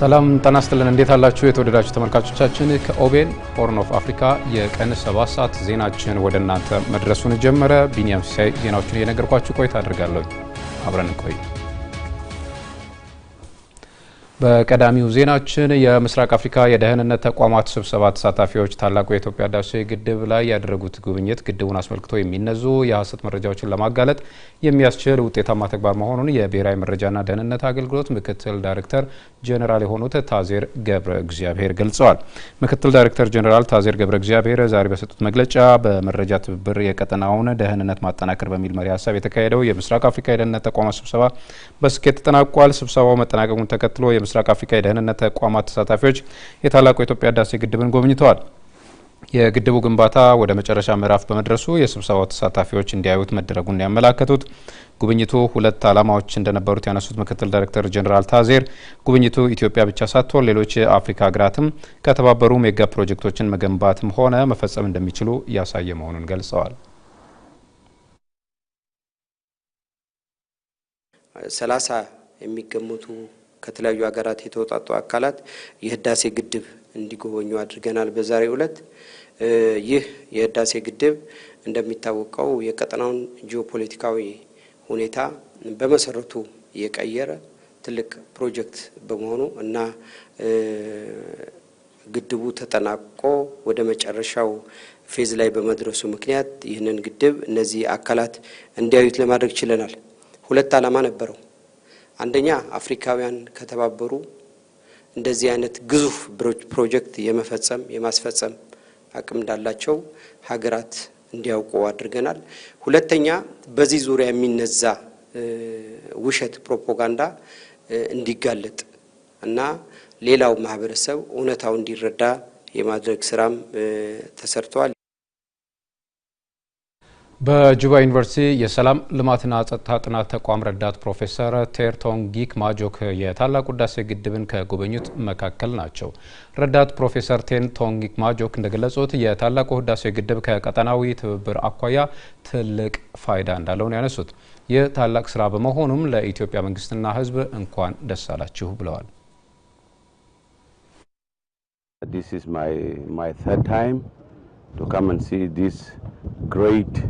ሰላም ጤና ይስጥልን። እንዴት አላችሁ? የተወደዳችሁ ተመልካቾቻችን ከኦቤን ሆርን ኦፍ አፍሪካ የቀን ሰባት ሰዓት ዜናችን ወደ እናንተ መድረሱን ጀመረ። ቢኒያም ሲሳይ ዜናዎችን እየነገርኳችሁ ቆይታ አድርጋለሁ። አብረን ቆይ በቀዳሚው ዜናችን የምስራቅ አፍሪካ የደህንነት ተቋማት ስብሰባ ተሳታፊዎች ታላቁ የኢትዮጵያ ህዳሴ ግድብ ላይ ያደረጉት ጉብኝት ግድቡን አስመልክቶ የሚነዙ የሀሰት መረጃዎችን ለማጋለጥ የሚያስችል ውጤታማ ተግባር መሆኑን የብሔራዊ መረጃና ደህንነት አገልግሎት ምክትል ዳይሬክተር ጄኔራል የሆኑት ታዜር ገብረ እግዚአብሔር ገልጸዋል። ምክትል ዳይሬክተር ጄኔራል ታዜር ገብረ እግዚአብሔር ዛሬ በሰጡት መግለጫ በመረጃ ትብብር የቀጠናውን ደህንነት ማጠናከር በሚል መሪ ሀሳብ የተካሄደው የምስራቅ አፍሪካ የደህንነት ተቋማት ስብሰባ በስኬት ተጠናቋል። ስብሰባው መጠናቀቁን ተከትሎ ምስራቅ አፍሪካ የደህንነት ተቋማት ተሳታፊዎች የታላቁ የኢትዮጵያ ህዳሴ ግድብን ጎብኝተዋል። የግድቡ ግንባታ ወደ መጨረሻ ምዕራፍ በመድረሱ የስብሰባው ተሳታፊዎች እንዲያዩት መደረጉን ያመላከቱት ጉብኝቱ ሁለት ዓላማዎች እንደነበሩት ያነሱት ምክትል ዳይሬክተር ጀኔራል ታዜር ጉብኝቱ ኢትዮጵያ ብቻ ሳትሆን ሌሎች የአፍሪካ ሀገራትም ከተባበሩ ሜጋ ፕሮጀክቶችን መገንባትም ሆነ መፈጸም እንደሚችሉ እያሳየ መሆኑን ገልጸዋል። ሰላሳ የሚገመቱ ከተለያዩ ሀገራት የተወጣጡ አካላት የህዳሴ ግድብ እንዲጎበኙ አድርገናል። በዛሬው ዕለት ይህ የህዳሴ ግድብ እንደሚታወቀው የቀጠናውን ጂኦፖለቲካዊ ሁኔታ በመሰረቱ የቀየረ ትልቅ ፕሮጀክት በመሆኑ እና ግድቡ ተጠናቆ ወደ መጨረሻው ፌዝ ላይ በመድረሱ ምክንያት ይህንን ግድብ እነዚህ አካላት እንዲያዩት ለማድረግ ችለናል። ሁለት ዓላማ ነበረው። አንደኛ አፍሪካውያን ከተባበሩ እንደዚህ አይነት ግዙፍ ፕሮጀክት የመፈጸም የማስፈጸም አቅም እንዳላቸው ሀገራት እንዲያውቁ አድርገናል። ሁለተኛ በዚህ ዙሪያ የሚነዛ ውሸት ፕሮፓጋንዳ እንዲጋለጥ እና ሌላው ማህበረሰብ እውነታው እንዲረዳ የማድረግ ስራም ተሰርተዋል። በጁባ ዩኒቨርሲቲ የሰላም ልማትና ጸጥታ ጥናት ተቋም ረዳት ፕሮፌሰር ጊክ ማጆክ የታላቁ ህዳሴ ግድብን ከጎበኙት መካከል ናቸው። ረዳት ፕሮፌሰር ጊክ ማጆክ እንደገለጹት የታላቁ ህዳሴ ግድብ ከቀጠናዊ ትብብር አኳያ ትልቅ ፋይዳ እንዳለውን ያነሱት ይህ ታላቅ ስራ በመሆኑም ለኢትዮጵያ መንግስትና ህዝብ እንኳን ደስ አላችሁ ብለዋል። This is my, my third time. to come and see this great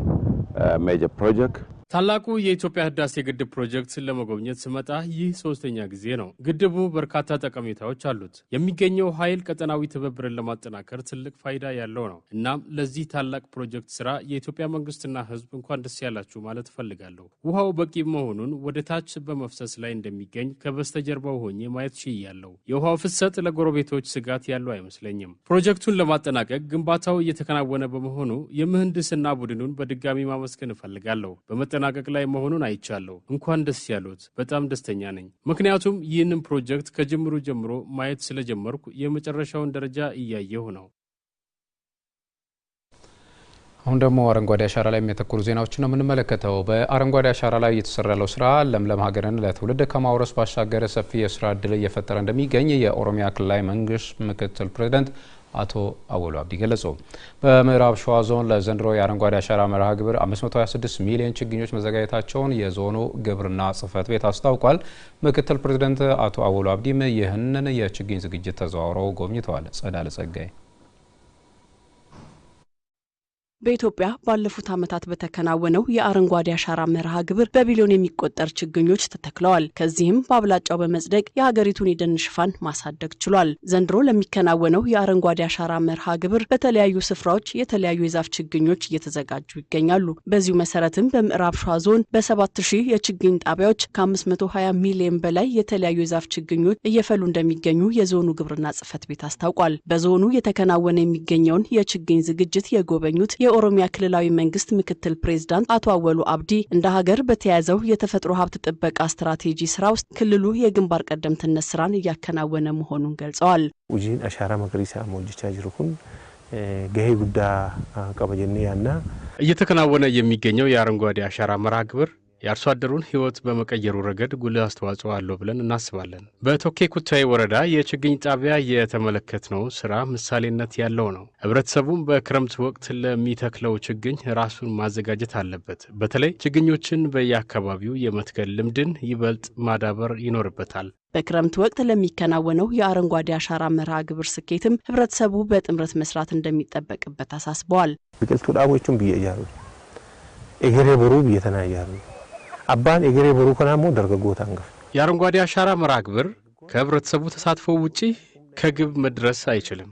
uh, major project ታላቁ የኢትዮጵያ ህዳሴ ግድብ ፕሮጀክት ለመጎብኘት ስመጣ ይህ ሶስተኛ ጊዜ ነው። ግድቡ በርካታ ጠቀሜታዎች አሉት። የሚገኘው ኃይል ቀጠናዊ ትብብርን ለማጠናከር ትልቅ ፋይዳ ያለው ነው። እናም ለዚህ ታላቅ ፕሮጀክት ስራ የኢትዮጵያ መንግስትና ህዝብ እንኳን ደስ ያላችሁ ማለት እፈልጋለሁ። ውሃው በቂ መሆኑን ወደ ታች በመፍሰስ ላይ እንደሚገኝ ከበስተጀርባው ሆኜ ማየት ችያለሁ። የውሃው ፍሰት ለጎረቤቶች ስጋት ያለው አይመስለኝም። ፕሮጀክቱን ለማጠናቀቅ ግንባታው እየተከናወነ በመሆኑ የምህንድስና ቡድኑን በድጋሚ ማመስገን እፈልጋለሁ። በመጠናቀቅ ላይ መሆኑን አይቻለሁ። እንኳን ደስ ያሉት፣ በጣም ደስተኛ ነኝ። ምክንያቱም ይህንን ፕሮጀክት ከጅምሩ ጀምሮ ማየት ስለጀመርኩ የመጨረሻውን ደረጃ እያየሁ ነው። አሁን ደግሞ አረንጓዴ አሻራ ላይ የሚያተኩሩ ዜናዎችን ነው የምንመለከተው። በአረንጓዴ አሻራ ላይ እየተሰራ ያለው ስራ ለምለም ሀገርን ለትውልድ ከማውረስ ባሻገረ ሰፊ የስራ እድል እየፈጠረ እንደሚገኝ የኦሮሚያ ክልላዊ መንግስት ምክትል ፕሬዚደንት አቶ አወሉ አብዲ ገለጹ። በምዕራብ ሸዋ ዞን ለዘንድሮ የአረንጓዴ አሻራ መርሃ ግብር 526 ሚሊዮን ችግኞች መዘጋጀታቸውን የዞኑ ግብርና ጽህፈት ቤት አስታውቋል። ምክትል ፕሬዚደንት አቶ አወሉ አብዲም ይህንን የችግኝ ዝግጅት ተዘዋውረው ጎብኝተዋል። ጸዳለ ጸጋይ በኢትዮጵያ ባለፉት ዓመታት በተከናወነው የአረንጓዴ አሻራ መርሃ ግብር በቢሊዮን የሚቆጠር ችግኞች ተተክለዋል። ከዚህም በአብላጫው በመጽደቅ የሀገሪቱን የደን ሽፋን ማሳደግ ችሏል። ዘንድሮ ለሚከናወነው የአረንጓዴ አሻራ መርሃ ግብር በተለያዩ ስፍራዎች የተለያዩ የዛፍ ችግኞች እየተዘጋጁ ይገኛሉ። በዚሁ መሰረትም በምዕራብ ሸዋ ዞን በ ሺህ የችግኝ ጣቢያዎች ከ520 ሚሊዮን በላይ የተለያዩ የዛፍ ችግኞች እየፈሉ እንደሚገኙ የዞኑ ግብርና ጽሕፈት ቤት አስታውቋል። በዞኑ የተከናወነ የሚገኘውን የችግኝ ዝግጅት የጎበኙት የኦሮሚያ ክልላዊ መንግስት ምክትል ፕሬዚዳንት አቶ አወሉ አብዲ እንደ ሀገር በተያያዘው የተፈጥሮ ሀብት ጥበቃ ስትራቴጂ ስራ ውስጥ ክልሉ የግንባር ቀደምትነት ስራን እያከናወነ መሆኑን ገልጸዋል። ውጂን አሻራ መቅሪሳ ሞልጅቻ ጅርኩን ገሄ ጉዳ ቀበጀኔ ያና እየተከናወነ የሚገኘው የአረንጓዴ አሻራ መርሃ ግብር የአርሶ አደሩን ህይወት በመቀየሩ ረገድ ጉልህ አስተዋጽኦ አለው ብለን እናስባለን። በቶኬ ኩታዊ ወረዳ የችግኝ ጣቢያ የተመለከትነው ስራ ምሳሌነት ያለው ነው። ህብረተሰቡም በክረምት ወቅት ለሚተክለው ችግኝ ራሱን ማዘጋጀት አለበት። በተለይ ችግኞችን በየአካባቢው የመትከል ልምድን ይበልጥ ማዳበር ይኖርበታል። በክረምት ወቅት ለሚከናወነው የአረንጓዴ አሻራ መርሃ ግብር ስኬትም ህብረተሰቡ በጥምረት መስራት እንደሚጠበቅበት አሳስበዋል። ብቅልቱ ዳቦቹን ብየያሉ እግሬ ብሩ ብየተናያሉ አባን ኤግሬ ቦሩ ከናሞ አንገፍ የአረንጓዴ አሻራ መርሃ ግብር ከህብረተሰቡ ተሳትፎ ውጪ ከግብ መድረስ አይችልም።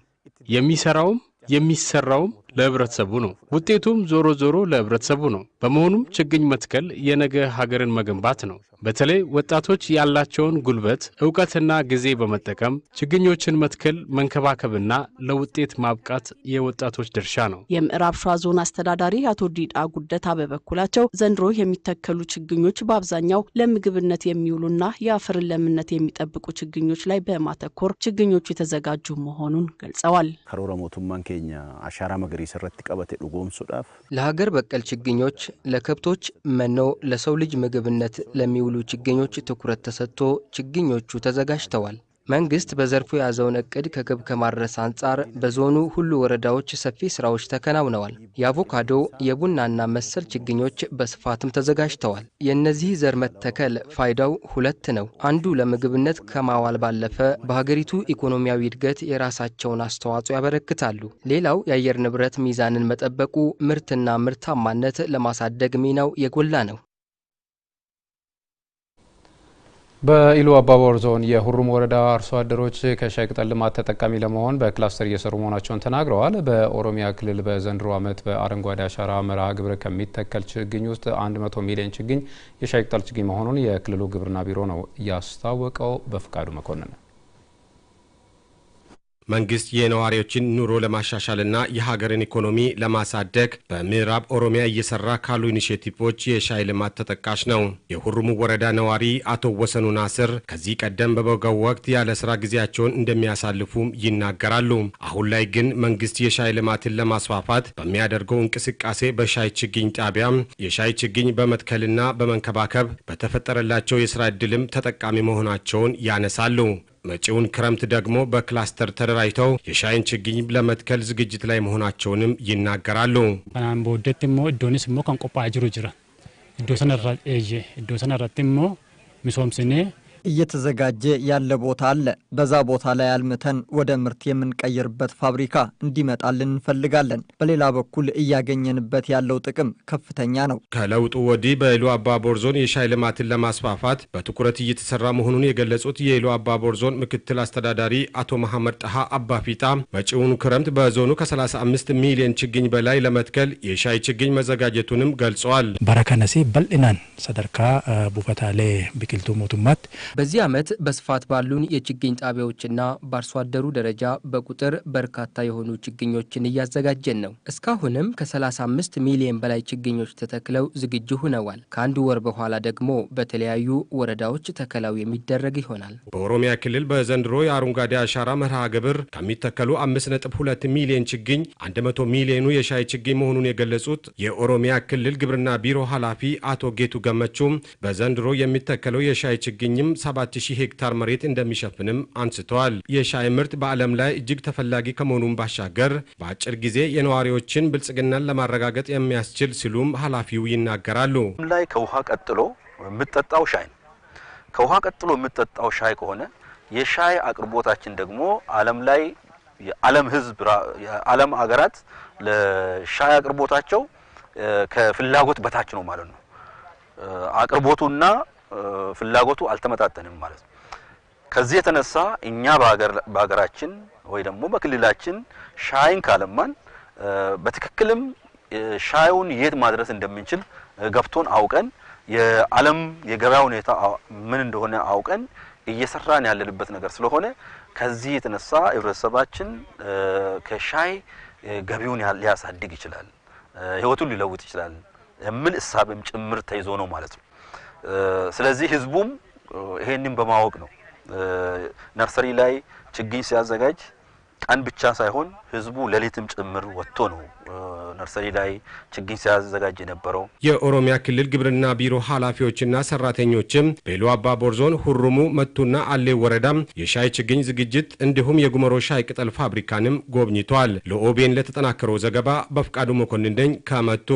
የሚሰራውም የሚሰራውም ለህብረተሰቡ ነው። ውጤቱም ዞሮ ዞሮ ለህብረተሰቡ ነው። በመሆኑም ችግኝ መትከል የነገ ሀገርን መገንባት ነው። በተለይ ወጣቶች ያላቸውን ጉልበት እውቀትና ጊዜ በመጠቀም ችግኞችን መትከል መንከባከብና ለውጤት ማብቃት የወጣቶች ድርሻ ነው። የምዕራብ ሸዋ ዞን አስተዳዳሪ አቶ ዲዳ ጉደታ በበኩላቸው ዘንድሮ የሚተከሉ ችግኞች በአብዛኛው ለምግብነት የሚውሉና የአፈርን ለምነት የሚጠብቁ ችግኞች ላይ በማተኮር ችግኞቹ የተዘጋጁ መሆኑን ገልጸዋል። ከሮረ ኬኛ አሻራ መገሪሳ ረት ቀበቴ ዱጎምሱዳፍ ለሀገር በቀል ችግኞች ለከብቶች መኖ ለሰው ልጅ ምግብነት ለሚ ለሚውሉ ችግኞች ትኩረት ተሰጥቶ ችግኞቹ ተዘጋጅተዋል። መንግስት በዘርፉ የያዘውን እቅድ ከግብ ከማድረስ አንጻር በዞኑ ሁሉ ወረዳዎች ሰፊ ስራዎች ተከናውነዋል። የአቮካዶ የቡናና መሰል ችግኞች በስፋትም ተዘጋጅተዋል። የእነዚህ ዘር መተከል ፋይዳው ሁለት ነው። አንዱ ለምግብነት ከማዋል ባለፈ በሀገሪቱ ኢኮኖሚያዊ እድገት የራሳቸውን አስተዋጽኦ ያበረክታሉ። ሌላው የአየር ንብረት ሚዛንን መጠበቁ ምርትና ምርታማነት ለማሳደግ ሚናው የጎላ ነው። በኢሉ አባቦር ዞን የሁሩም ወረዳ አርሶ አደሮች ከሻይ ቅጠል ልማት ተጠቃሚ ለመሆን በክላስተር እየሰሩ መሆናቸውን ተናግረዋል። በኦሮሚያ ክልል በዘንድሮ ዓመት በአረንጓዴ አሻራ መርሃ ግብር ከሚተከል ችግኝ ውስጥ 100 ሚሊዮን ችግኝ የሻይ ቅጠል ችግኝ መሆኑን የክልሉ ግብርና ቢሮ ነው ያስታወቀው። በፍቃዱ መኮንን መንግስት የነዋሪዎችን ኑሮ ለማሻሻልና የሀገርን ኢኮኖሚ ለማሳደግ በምዕራብ ኦሮሚያ እየሰራ ካሉ ኢኒሽቲቮች የሻይ ልማት ተጠቃሽ ነው። የሁሩሙ ወረዳ ነዋሪ አቶ ወሰኑ ናስር ከዚህ ቀደም በበጋው ወቅት ያለ ስራ ጊዜያቸውን እንደሚያሳልፉም ይናገራሉ። አሁን ላይ ግን መንግስት የሻይ ልማትን ለማስፋፋት በሚያደርገው እንቅስቃሴ በሻይ ችግኝ ጣቢያ የሻይ ችግኝ በመትከልና በመንከባከብ በተፈጠረላቸው የስራ ዕድልም ተጠቃሚ መሆናቸውን ያነሳሉ። መጪውን ክረምት ደግሞ በክላስተር ተደራጅተው የሻይን ችግኝ ለመትከል ዝግጅት ላይ መሆናቸውንም ይናገራሉ። ዶሰነ ረት ሞ እየተዘጋጀ ያለ ቦታ አለ። በዛ ቦታ ላይ አልምተን ወደ ምርት የምንቀይርበት ፋብሪካ እንዲመጣልን እንፈልጋለን። በሌላ በኩል እያገኘንበት ያለው ጥቅም ከፍተኛ ነው። ከለውጡ ወዲህ በኢሉ አባቦር ዞን የሻይ ልማትን ለማስፋፋት በትኩረት እየተሰራ መሆኑን የገለጹት የኢሉ አባቦር ዞን ምክትል አስተዳዳሪ አቶ መሐመድ ጠሃ አባፊጣ መጪውን ክረምት በዞኑ ከ35 ሚሊዮን ችግኝ በላይ ለመትከል የሻይ ችግኝ መዘጋጀቱንም ገልጸዋል። በረከነሴ በልናን ሰደርካ ቡፈታሌ ቢክልቱ ሞቱማት በዚህ ዓመት በስፋት ባሉን የችግኝ ጣቢያዎችና በአርሶ አደሩ ደረጃ በቁጥር በርካታ የሆኑ ችግኞችን እያዘጋጀን ነው። እስካሁንም ከ35 ሚሊዮን በላይ ችግኞች ተተክለው ዝግጁ ሆነዋል። ከአንድ ወር በኋላ ደግሞ በተለያዩ ወረዳዎች ተከላው የሚደረግ ይሆናል። በኦሮሚያ ክልል በዘንድሮ የአረንጓዴ አሻራ መርሃ ግብር ከሚተከሉ 5.2 ሚሊዮን ችግኝ 100 ሚሊዮኑ የሻይ ችግኝ መሆኑን የገለጹት የኦሮሚያ ክልል ግብርና ቢሮ ኃላፊ አቶ ጌቱ ገመቹም በዘንድሮ የሚተከለው የሻይ ችግኝም 7000 ሄክታር መሬት እንደሚሸፍንም አንስተዋል። የሻይ ምርት በዓለም ላይ እጅግ ተፈላጊ ከመሆኑን ባሻገር በአጭር ጊዜ የነዋሪዎችን ብልጽግናን ለማረጋገጥ የሚያስችል ሲሉም ኃላፊው ይናገራሉ። ላይ ከውሃ ቀጥሎ የምጠጣው ሻይ ነው። ከውሃ ቀጥሎ የምጠጣው ሻይ ከሆነ የሻይ አቅርቦታችን ደግሞ ዓለም ላይ የዓለም ሕዝብ የዓለም አገራት ለሻይ አቅርቦታቸው ከፍላጎት በታች ነው ማለት ነው። አቅርቦቱና ፍላጎቱ አልተመጣጠንም ማለት ነው። ከዚህ የተነሳ እኛ በሀገራችን ወይ ደግሞ በክልላችን ሻይን ካለማን በትክክልም ሻዩን የት ማድረስ እንደምንችል ገብቶን አውቀን የዓለም የገበያ ሁኔታ ምን እንደሆነ አውቀን እየሰራን ያለንበት ነገር ስለሆነ ከዚህ የተነሳ ህብረተሰባችን ከሻይ ገቢውን ሊያሳድግ ይችላል፣ ህይወቱን ሊለውጥ ይችላል የሚል እሳቤም ጭምር ተይዞ ነው ማለት ነው። ስለዚህ ህዝቡም ይሄንን በማወቅ ነው ነርሰሪ ላይ ችግኝ ሲያዘጋጅ ቀን ብቻ ሳይሆን ህዝቡ ሌሊትም ጭምር ወጥቶ ነው ነርሰሪ ላይ ችግኝ ሲያዘጋጅ የነበረው። የኦሮሚያ ክልል ግብርና ቢሮ ኃላፊዎችና ሰራተኞችም በኢሉ አባቦር ዞን ሁሩሙ፣ መቱና አሌ ወረዳም የሻይ ችግኝ ዝግጅት እንዲሁም የጉመሮ ሻይ ቅጠል ፋብሪካንም ጎብኝቷል። ለኦቤን ለተጠናከረው ዘገባ በፍቃዱ መኮንን ነኝ ከመቱ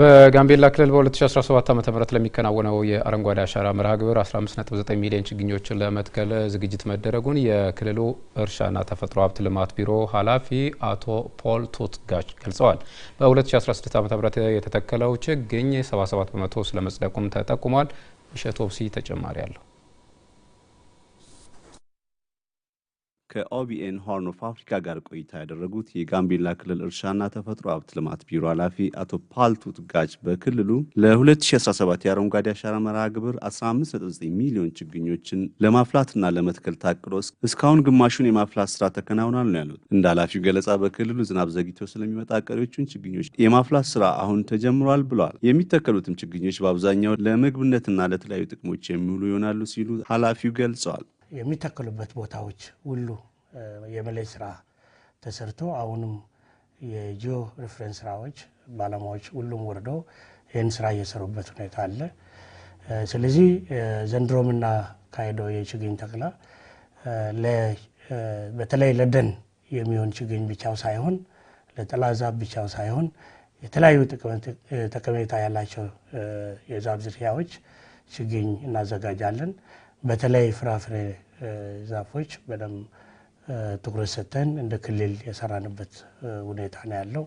በጋምቤላ ክልል በ2017 ዓ ም ለሚከናወነው የአረንጓዴ አሻራ መርሃ ግብር 15.9 ሚሊዮን ችግኞችን ለመትከል ዝግጅት መደረጉን የክልሉ እርሻና ተፈጥሮ ሀብት ልማት ቢሮ ኃላፊ አቶ ፖል ጋች ገልጸዋል። በ2016 ዓ ም የተተከለው ችግኝ 77 በመቶ ስለመጽደቁም ተጠቁሟል። እሸት ተጨማሪ አለሁ ከኦቢኤን ሆርን ኦፍ አፍሪካ ጋር ቆይታ ያደረጉት የጋምቤላ ክልል እርሻና ተፈጥሮ ሀብት ልማት ቢሮ ኃላፊ አቶ ፓልቱ ትጋጭ በክልሉ ለ2017 የአረንጓዴ አሻራ መርሃ ግብር 159 ሚሊዮን ችግኞችን ለማፍላትና ለመትከል ታቅዶ እስካሁን ግማሹን የማፍላት ስራ ተከናውኗል ነው ያሉት። እንደ ኃላፊው ገለጻ በክልሉ ዝናብ ዘግይቶ ስለሚመጣ ቀሪዎቹን ችግኞች የማፍላት ስራ አሁን ተጀምሯል ብለዋል። የሚተከሉትም ችግኞች በአብዛኛው ለምግብነትና ለተለያዩ ጥቅሞች የሚውሉ ይሆናሉ ሲሉ ኃላፊው ገልጸዋል። የሚተከሉበት ቦታዎች ሁሉ የመለይ ስራ ተሰርቶ አሁንም የጂኦ ሬፈረንስ ስራዎች ባለሙያዎች ሁሉም ወርደው ይህን ስራ እየሰሩበት ሁኔታ አለ። ስለዚህ ዘንድሮ ካሄደው የችግኝ ተክላ በተለይ ለደን የሚሆን ችግኝ ብቻው ሳይሆን ለጥላ ዛፍ ብቻው ሳይሆን የተለያዩ ጠቀሜታ ያላቸው የዛፍ ዝርያዎች ችግኝ እናዘጋጃለን። በተለይ ፍራፍሬ ዛፎች በደም ትኩረት ሰጥተን እንደ ክልል የሰራንበት ሁኔታ ነው ያለው።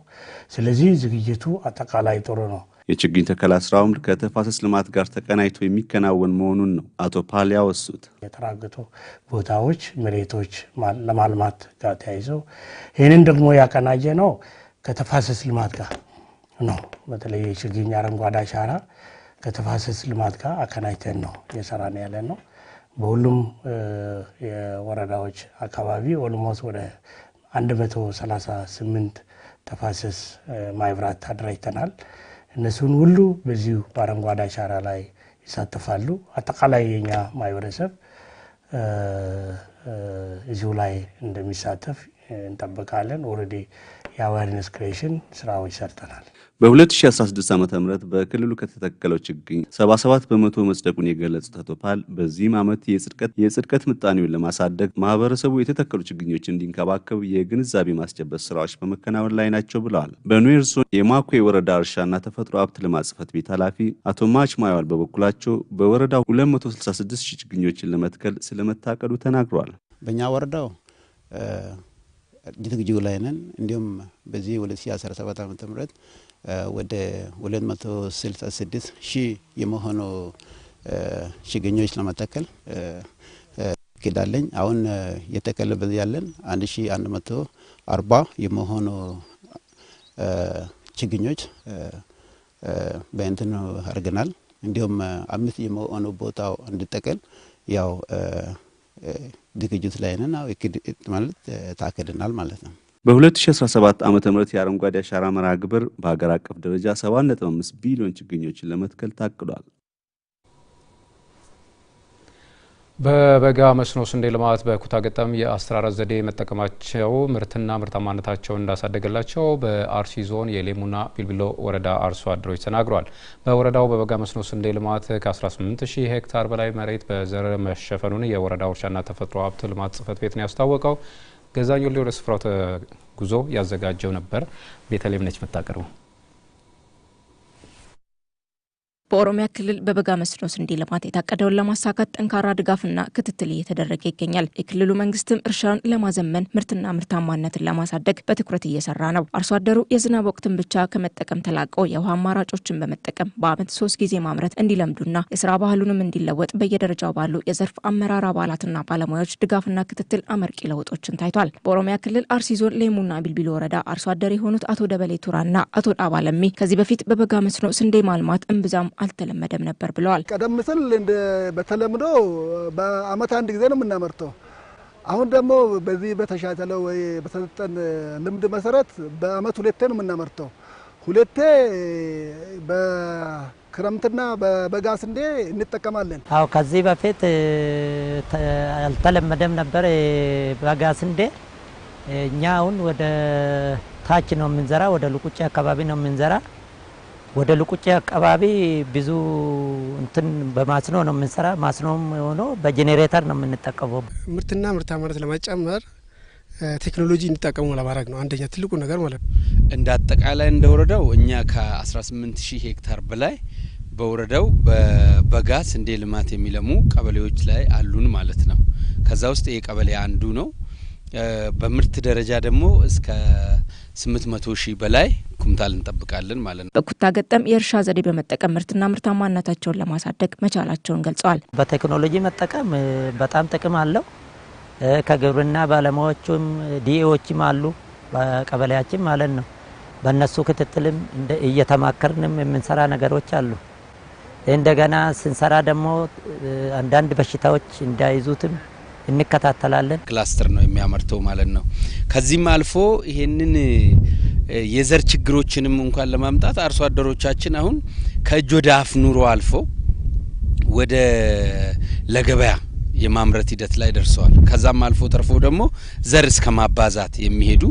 ስለዚህ ዝግጅቱ አጠቃላይ ጥሩ ነው። የችግኝ ተከላ ስራውም ከተፋሰስ ልማት ጋር ተቀናይቶ የሚከናወን መሆኑን ነው አቶ ፓል ያወሱት። የተራገጡ ቦታዎች፣ መሬቶች ለማልማት ጋር ተያይዘው ይህንን ደግሞ ያቀናጀ ነው ከተፋሰስ ልማት ጋር ነው። በተለይ የችግኝ አረንጓዴ አሻራ ከተፋሰስ ልማት ጋር አቀናጅተን ነው እየሰራን ያለን ነው። በሁሉም የወረዳዎች አካባቢ ኦልሞስ ወደ 138 ተፋሰስ ማይብራት አደራጅተናል። እነሱን ሁሉ በዚሁ በአረንጓዴ አሻራ ላይ ይሳተፋሉ። አጠቃላይ የኛ ማህበረሰብ እዚሁ ላይ እንደሚሳተፍ እንጠብቃለን። ኦልሬዲ የአዋርነስ ክሬሽን ስራዎች ሰርተናል። በ2016 ዓ ም በክልሉ ከተተከለው ችግኝ 77 በመቶ መጽደቁን የገለጹት አቶ ፓል በዚህም ዓመት የጽድቀት ምጣኔውን ለማሳደግ ማህበረሰቡ የተተከሉ ችግኞች እንዲንከባከብ የግንዛቤ ማስጨበጥ ስራዎች በመከናወን ላይ ናቸው ብለዋል። በኑዌር ዞን የማኮ ወረዳ እርሻና ተፈጥሮ ሀብት ልማት ቤት ኃላፊ አቶ ማች ማየዋል በበኩላቸው በወረዳው 266 ሺህ ችግኞችን ለመትከል ስለመታቀዱ ተናግረዋል። በእኛ ወረዳው ዝግጁ ላይ ነን። እንዲሁም በዚህ 2017 ዓ ም ወደ 266 ሺህ የመሆኑ ችግኞች ለመተከል ኪዳለኝ አሁን የተከለበ ያለን 1140 የመሆኑ ችግኞች በእንትን አርገናል። እንዲሁም አምስት የመሆኑ ቦታው እንድጠቀል ያው ዝግጅት ላይ ነን ማለት ታክደናል ማለት ነው። በ2017 ዓ ም የአረንጓዴ አሻራ መርሃ ግብር በሀገር አቀፍ ደረጃ 7.5 ቢሊዮን ችግኞችን ለመትከል ታቅዷል። በበጋ መስኖ ስንዴ ልማት በኩታ ገጠም የአስተራረስ ዘዴ መጠቀማቸው ምርትና ምርታማነታቸውን እንዳሳደገላቸው በአርሲ ዞን የሌሙና ቢልቢሎ ወረዳ አርሶ አደሮች ተናግሯል። በወረዳው በበጋ መስኖ ስንዴ ልማት ከ18000 ሄክታር በላይ መሬት በዘር መሸፈኑን የወረዳው እርሻና ተፈጥሮ ሀብት ልማት ጽፈት ቤት ነው ያስታወቀው። ገዛኞ ወደ ስፍራው ተጉዞ ያዘጋጀው ነበር። ቤተልሔም ነች የምታቀርበው። በኦሮሚያ ክልል በበጋ መስኖ ስንዴ ልማት የታቀደውን ለማሳካት ጠንካራ ድጋፍና ክትትል እየተደረገ ይገኛል። የክልሉ መንግስትም እርሻን ለማዘመን ምርትና ምርታማነትን ለማሳደግ በትኩረት እየሰራ ነው። አርሶ አደሩ የዝናብ ወቅትን ብቻ ከመጠቀም ተላቆ የውሃ አማራጮችን በመጠቀም በዓመት ሶስት ጊዜ ማምረት እንዲለምዱና የስራ ባህሉንም እንዲለወጥ በየደረጃው ባሉ የዘርፍ አመራር አባላትና ባለሙያዎች ድጋፍና ክትትል አመርቂ ለውጦችን ታይቷል። በኦሮሚያ ክልል አርሲ ዞን ሌሙና ቢልቢል ወረዳ አርሶ አደር የሆኑት አቶ ደበሌ ቱራና አቶ ጣባለሚ ከዚህ በፊት በበጋ መስኖ ስንዴ ማልማት እምብዛም አልተለመደም ነበር ብለዋል። ቀደም ሲል በተለምዶ በአመት አንድ ጊዜ ነው የምናመርተው። አሁን ደግሞ በዚህ በተሻተለው ወይ በተሰጠን ልምድ መሰረት በአመት ሁለቴ ነው የምናመርተው። ሁለቴ በክረምትና በበጋ ስንዴ እንጠቀማለን። አዎ ከዚህ በፊት አልተለመደም ነበር በጋ ስንዴ። እኛ አሁን ወደ ታች ነው የምንዘራ፣ ወደ ልቁጭ አካባቢ ነው የምንዘራ ወደ ልቁጭ አካባቢ ብዙ እንትን በማስኖ ነው የምንሰራ። ማስኖም ሆኖ በጄኔሬተር ነው የምንጠቀመው። ምርትና ምርታማነት ለመጨመር ቴክኖሎጂ እንዲጠቀሙ ለማድረግ ነው አንደኛ ትልቁ ነገር ማለት ነው። እንደ አጠቃላይ እንደ ወረዳው እኛ ከ18 ሺህ ሄክታር በላይ በወረዳው በበጋ ስንዴ ልማት የሚለሙ ቀበሌዎች ላይ አሉን ማለት ነው። ከዛ ውስጥ ይህ ቀበሌ አንዱ ነው። በምርት ደረጃ ደግሞ እስከ 800 ሺህ በላይ ኩምታል እንጠብቃለን ማለት ነው። በኩታ ገጠም የእርሻ ዘዴ በመጠቀም ምርትና ምርታማነታቸውን ለማሳደግ መቻላቸውን ገልጸዋል። በቴክኖሎጂ መጠቀም በጣም ጥቅም አለው። ከግብርና ባለሙያዎችም ዲኤዎችም አሉ በቀበሌያችን ማለት ነው። በእነሱ ክትትልም እየተማከርንም የምንሰራ ነገሮች አሉ። እንደገና ስንሰራ ደግሞ አንዳንድ በሽታዎች እንዳይዙትም እንከታተላለን። ክላስተር ነው የሚያመርተው ማለት ነው። ከዚህም አልፎ ይሄንን የዘር ችግሮችንም እንኳን ለማምጣት አርሶ አደሮቻችን አሁን ከእጅ ወደ አፍ ኑሮ አልፎ ወደ ለገበያ የማምረት ሂደት ላይ ደርሰዋል። ከዛም አልፎ ተርፎ ደግሞ ዘር እስከ ማባዛት የሚሄዱ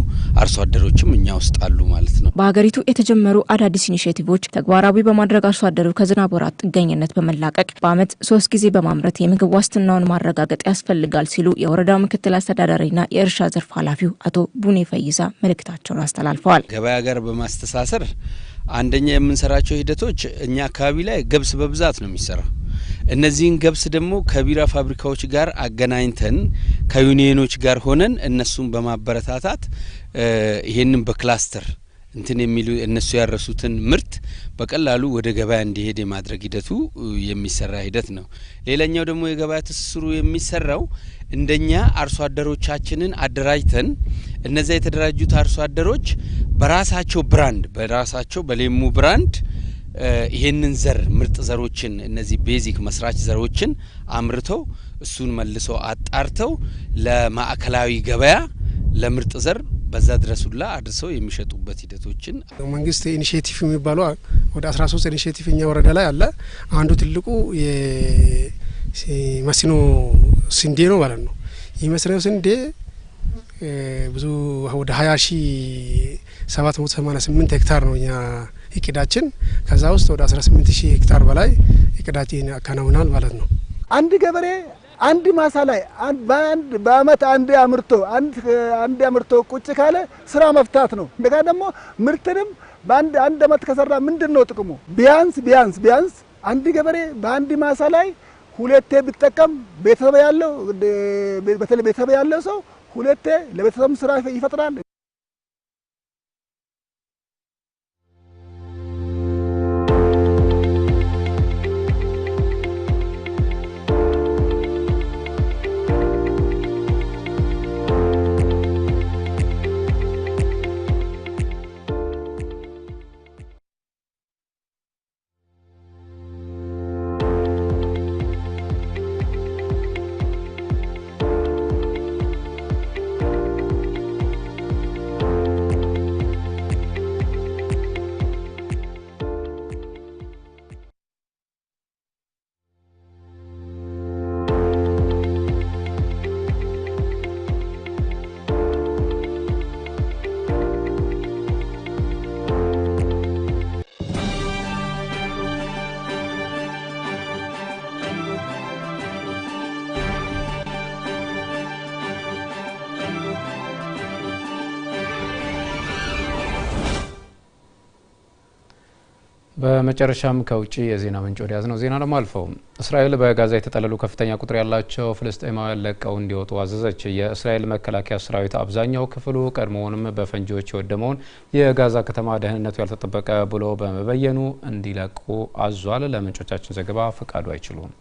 አርሶ አደሮችም እኛ ውስጥ አሉ ማለት ነው። በሀገሪቱ የተጀመሩ አዳዲስ ኢኒሽቲቮች ተግባራዊ በማድረግ አርሶ አደሩ ከዝናብ ወራት ጥገኝነት በመላቀቅ በዓመት ሶስት ጊዜ በማምረት የምግብ ዋስትናውን ማረጋገጥ ያስፈልጋል ሲሉ የወረዳው ምክትል አስተዳዳሪና የእርሻ ዘርፍ ኃላፊው አቶ ቡኔ ፈይሳ መልእክታቸውን አስተላልፈዋል። ገበያ ጋር በማስተሳሰር አንደኛ የምንሰራቸው ሂደቶች እኛ አካባቢ ላይ ገብስ በብዛት ነው የሚሰራ እነዚህን ገብስ ደግሞ ከቢራ ፋብሪካዎች ጋር አገናኝተን ከዩኒየኖች ጋር ሆነን እነሱን በማበረታታት ይሄንን በክላስተር እንትን የሚሉ እነሱ ያረሱትን ምርት በቀላሉ ወደ ገበያ እንዲሄድ የማድረግ ሂደቱ የሚሰራ ሂደት ነው። ሌላኛው ደግሞ የገበያ ትስስሩ የሚሰራው እንደኛ አርሶ አደሮቻችንን አደራጅተን እነዚያ የተደራጁት አርሶ አደሮች በራሳቸው ብራንድ በራሳቸው በሌሙ ብራንድ ይህንን ዘር ምርጥ ዘሮችን እነዚህ ቤዚክ መስራች ዘሮችን አምርተው እሱን መልሶ አጣርተው ለማዕከላዊ ገበያ ለምርጥ ዘር በዛ ድረሱላ አድርሰው የሚሸጡበት ሂደቶችን መንግስት ኢኒሽቲቭ የሚባለው ወደ 13 ኢኒሽቲቭ እኛ ወረዳ ላይ አለ። አንዱ ትልቁ የመስኖ ስንዴ ነው ማለት ነው። ይህ መስኖ ስንዴ ብዙ ወደ 20 ሺ 788 ሄክታር ነው እኛ እቅዳችን። ከዛ ውስጥ ወደ 18 ሺህ ሄክታር በላይ እቅዳችን ያከናውናል ማለት ነው። አንድ ገበሬ አንድ ማሳ ላይ በአንድ በአመት አንድ አምርቶ አንድ አምርቶ ቁጭ ካለ ስራ መፍታት ነው። እንደገና ደግሞ ምርትንም በአንድ አንድ አመት ከሰራ ምንድን ነው ጥቅሙ? ቢያንስ ቢያንስ ቢያንስ አንድ ገበሬ በአንድ ማሳ ላይ ሁለቴ ቢጠቀም ቤተሰብ ያለው በተለይ ቤተሰብ ያለው ሰው ሁለቴ ለቤተሰብ ስራ ይፈጥራል። በመጨረሻም ከውጭ የዜና ምንጭ ወደ ያዝ ነው ዜና ደግሞ አልፈው እስራኤል በጋዛ የተጠለሉ ከፍተኛ ቁጥር ያላቸው ፍልስጤማውያን ለቀው እንዲወጡ አዘዘች። የእስራኤል መከላከያ ሰራዊት አብዛኛው ክፍሉ ቀድሞውንም በፈንጂዎች የወደመውን የጋዛ ከተማ ደህንነቱ ያልተጠበቀ ብሎ በመበየኑ እንዲለቁ አዟል። ለምንጮቻችን ዘገባ ፈቃዱ አይችሉም